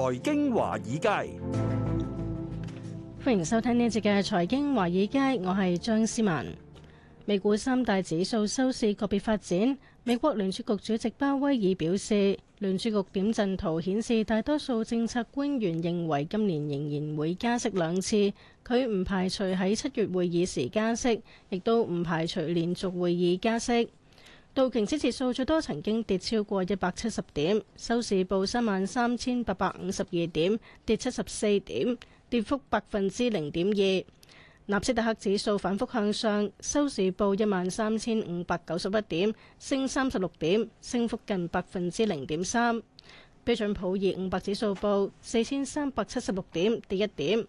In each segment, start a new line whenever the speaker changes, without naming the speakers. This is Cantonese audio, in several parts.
財經華爾街，
歡迎收聽呢節嘅財經華爾街，我係張思文。美股三大指數收市個別發展。美國聯儲局主席鮑威爾表示，聯儲局點陣圖顯示，大多數政策官員認為今年仍然會加息兩次。佢唔排除喺七月會議時加息，亦都唔排除連續會議加息。道瓊斯指數最多曾經跌超過一百七十點，收市報三萬三千八百五十二點，跌七十四點，跌幅百分之零點二。納斯達克指數反覆向上，收市報一萬三千五百九十一點，升三十六點，升幅近百分之零點三。標準普爾五百指數報四千三百七十六點，跌一點。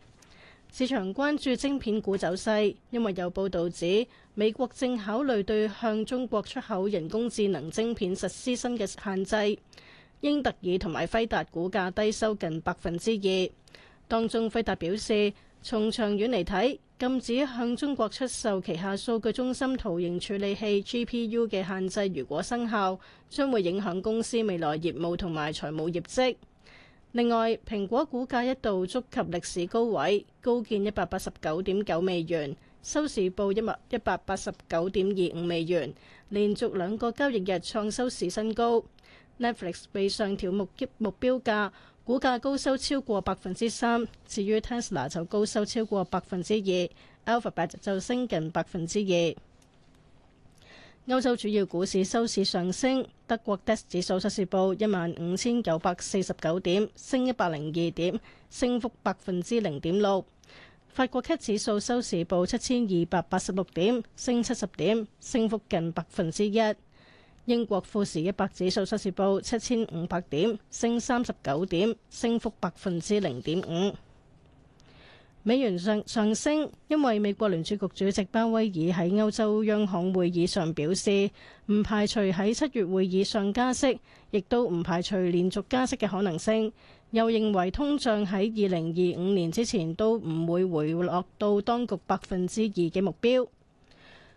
市場關注晶片股走勢，因為有報道指美國正考慮對向中國出口人工智能晶片實施新嘅限制。英特爾同埋輝達股價低收近百分之二。當中輝達表示，從長遠嚟睇，禁止向中國出售旗下數據中心圖形處理器 GPU 嘅限制，如果生效，將會影響公司未來業務同埋財務業績。另外，蘋果股價一度觸及歷史高位，高見一百八十九點九美元，收市報一百一百八十九點二五美元，連續兩個交易日創收市新高。Netflix 被上調目標目標價，股價高收超過百分之三；至於 Tesla 就高收超過百分之二，Alphabet 就升近百分之二。歐洲主要股市收市上升，德國 DAX 指數收市報一萬五千九百四十九點，升一百零二點，升幅百分之零點六。法國 CAC 指數收市報七千二百八十六點，升七十點，升幅近百分之一。英國富時一百指數收市報七千五百點，升三十九點，升幅百分之零點五。美元上上升，因為美國聯儲局主席鮑威爾喺歐洲央行會議上表示，唔排除喺七月會議上加息，亦都唔排除連續加息嘅可能性。又認為通脹喺二零二五年之前都唔會回落到當局百分之二嘅目標，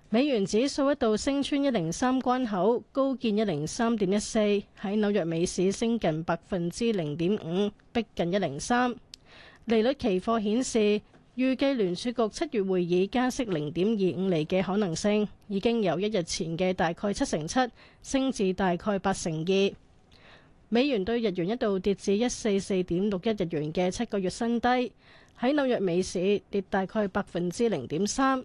美元指數一度升穿一零三關口，高見一零三點一四，喺紐約美市升近百分之零點五，逼近一零三。利率期貨顯示，預計聯儲局七月會議加息零點二五厘嘅可能性已經由一日前嘅大概七成七升至大概八成二。美元對日元一度跌至一四四點六一日元嘅七個月新低，喺紐約美市跌大概百分之零點三。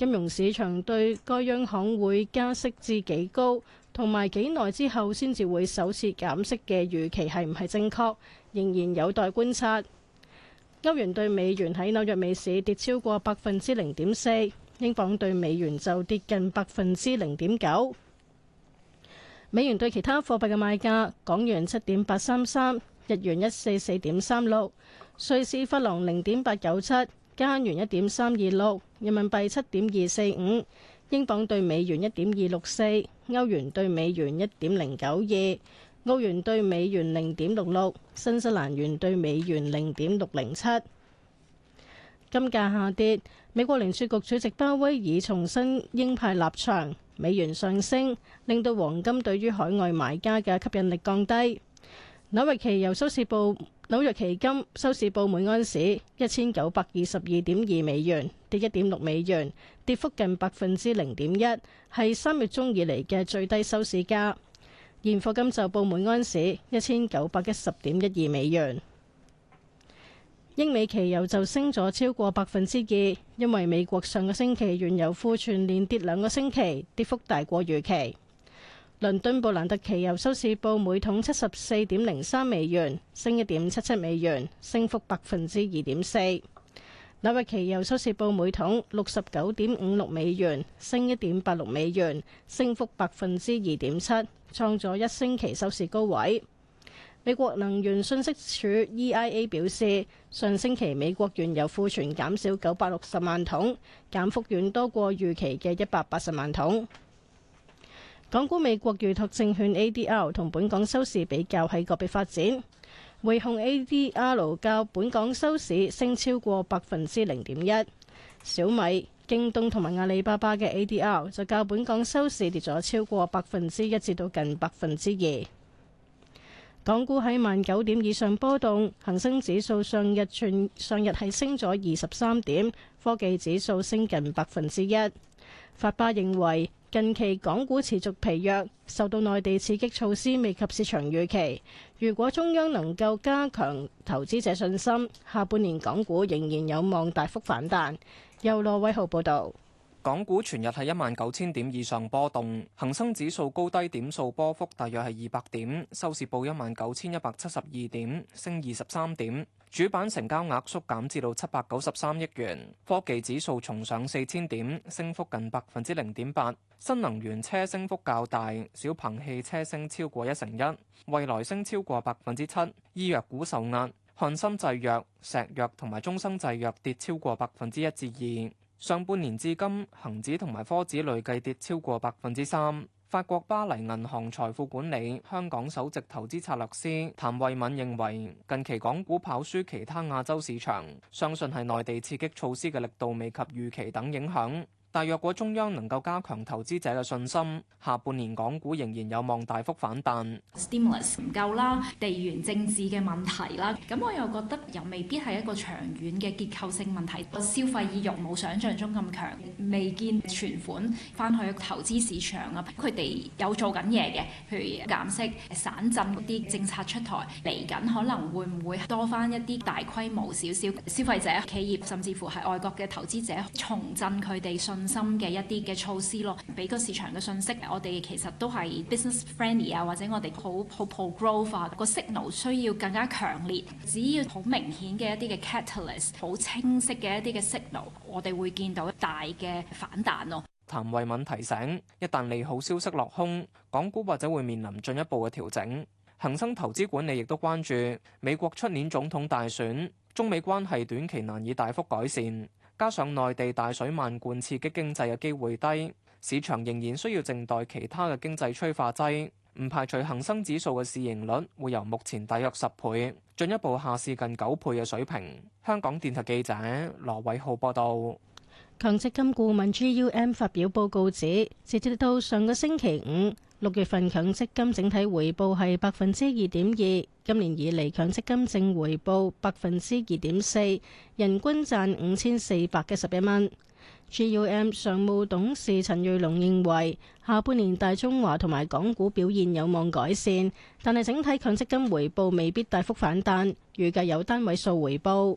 金融市場對該央行會加息至幾高，同埋幾耐之後先至會首次減息嘅預期係唔係正確，仍然有待觀察。歐元對美元喺紐約美市跌超過百分之零點四，英鎊對美元就跌近百分之零點九。美元對其他貨幣嘅賣價：港元七點八三三，日元一四四點三六，瑞士法郎零點八九七，加元一點三二六。人民幣七點二四五，英鎊對美元一點二六四，歐元對美元一點零九二，澳元對美元零點六六，新西蘭元對美元零點六零七。金價下跌，美國聯儲局主席鮑威爾重申鷹派立場，美元上升，令到黃金對於海外買家嘅吸引力降低。紐約期油收市報。紐約期金收市報每安士一千九百二十二點二美元，跌一點六美元，跌幅近百分之零點一，係三月中以嚟嘅最低收市價。現貨金就報每安士一千九百一十點一二美元。英美期油就升咗超過百分之二，因為美國上個星期原油庫存連跌兩個星期，跌幅大過預期。倫敦布蘭特期油收市報每桶七十四點零三美元，升一點七七美元，升幅百分之二點四。紐約期油收市報每桶六十九點五六美元，升一點八六美元，升幅百分之二點七，創咗一星期收市高位。美國能源信息署 （EIA） 表示，上星期美國原油庫存減少九百六十萬桶，減幅遠多過預期嘅一百八十萬桶。港股美國預託證券 ADR 同本港收市比較係個別發展，匯控 ADR 較本港收市升超過百分之零點一，小米、京東同埋阿里巴巴嘅 ADR 就較本港收市跌咗超過百分之一至到近百分之二。港股喺萬九點以上波動，恒生指數上日全，上日係升咗二十三點，科技指數升近百分之一。法巴認為，近期港股持續疲弱，受到內地刺激措施未及市場預期。如果中央能夠加強投資者信心，下半年港股仍然有望大幅反彈。由羅偉浩報導。
港股全日喺一萬九千點以上波動，恒生指數高低點數波幅大約係二百點，收市報一萬九千一百七十二點，升二十三點。主板成交額縮減至到七百九十三億元。科技指數重上四千點，升幅近百分之零點八。新能源車升幅較大，小鵬汽車升超過一成一，蔚來升超過百分之七。醫藥股受壓，漢森製藥、石藥同埋中生製藥跌超過百分之一至二。上半年至今，恒指同埋科指累計跌，跌超過百分之三。法國巴黎銀行財富管理香港首席投資策略師譚慧敏認為，近期港股跑輸其他亞洲市場，相信係內地刺激措施嘅力度未及預期等影響。但若果中央能夠加強投資者嘅信心，下半年港股仍然有望大幅反彈。
Stimulus 唔夠啦，地緣政治嘅問題啦，咁我又覺得又未必係一個長遠嘅結構性問題。消費意欲冇想像中咁強，未見存款返去投資市場啊。佢哋有做緊嘢嘅，譬如減息、散振嗰啲政策出台，嚟緊可能會唔會多返一啲大規模少少消費者、企業，甚至乎係外國嘅投資者重振佢哋信信心嘅一啲嘅措施咯，俾個市場嘅信息，我哋其實都係 business friendly 啊，或者我哋好好 pro growth 啊個 signal 需要更加強烈，只要好明顯嘅一啲嘅 catalyst，好清晰嘅一啲嘅 signal，我哋會見到一大嘅反彈咯。
譚慧敏提醒，一旦利好消息落空，港股或者會面臨進一步嘅調整。恒生投資管理亦都關注美國出年總統大選，中美關係短期難以大幅改善。加上內地大水漫灌刺激經濟嘅機會低，市場仍然需要靜待其他嘅經濟催化劑，唔排除恒生指數嘅市盈率會由目前大約十倍進一步下試近九倍嘅水平。香港電台記者羅偉浩報
道。強積金顧問 GUM 發表報告指，截至到上個星期五六月份，強積金整體回報係百分之二點二，今年以嚟強積金正回報百分之二點四，人均賺五千四百一十一蚊。GUM 常務董事陳瑞龍認為，下半年大中華同埋港股表現有望改善，但係整體強積金回報未必大幅反彈，預計有單位數回報。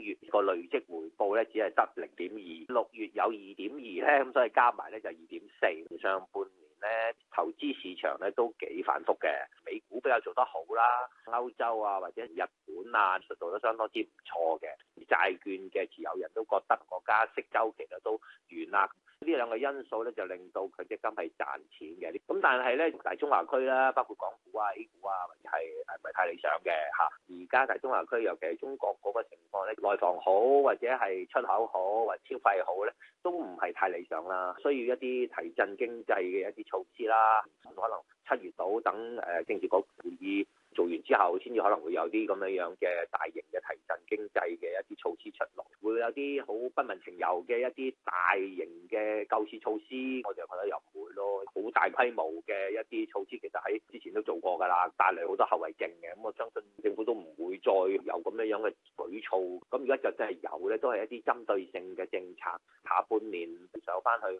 月個累積回報咧，只係得零點二，六月有二點二咧，咁所以加埋咧就二點四。上半年咧，投資市場咧都幾反覆嘅，美股比較做得好啦，歐洲啊或者日本啊，實做都相當之唔錯嘅。而債券嘅持有人都覺得個加息週期咧都完啦。呢兩個因素咧，就令到佢隻金係賺錢嘅。咁但係咧，大中華區啦，包括港股啊、A 股啊，或者係係唔係太理想嘅吓。而家大中華區，尤其係中國嗰個情況咧，內房好或者係出口好或者消費好咧，都唔係太理想啦，需要一啲提振經濟嘅一啲措施啦。可能七月到等誒、呃，政治局會議。做完之後，先至可能會有啲咁樣樣嘅大型嘅提振經濟嘅一啲措施出嚟，會有啲好不問情由嘅一啲大型嘅救市措施，我就覺得又唔會咯。好大規模嘅一啲措施，其實喺之前都做過㗎啦，帶嚟好多後遺症嘅。咁我相信政府都唔會再有咁樣樣嘅舉措。咁而家就真係有咧，都係一啲針對性嘅政策，下半年上翻去。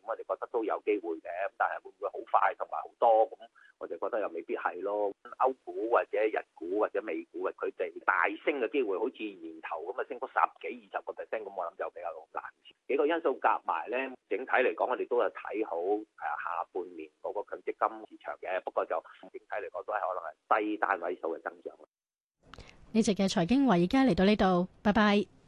升嘅機會好似年頭咁啊，升多十幾二十個 percent 咁，我諗就比較難。幾個因素夾埋咧，整體嚟講，我哋都係睇好啊下半年嗰個強積金市場嘅。不過就整體嚟講，都係可能係低單位數嘅增長。
呢席嘅財經華爾街，而家嚟到呢度，拜拜。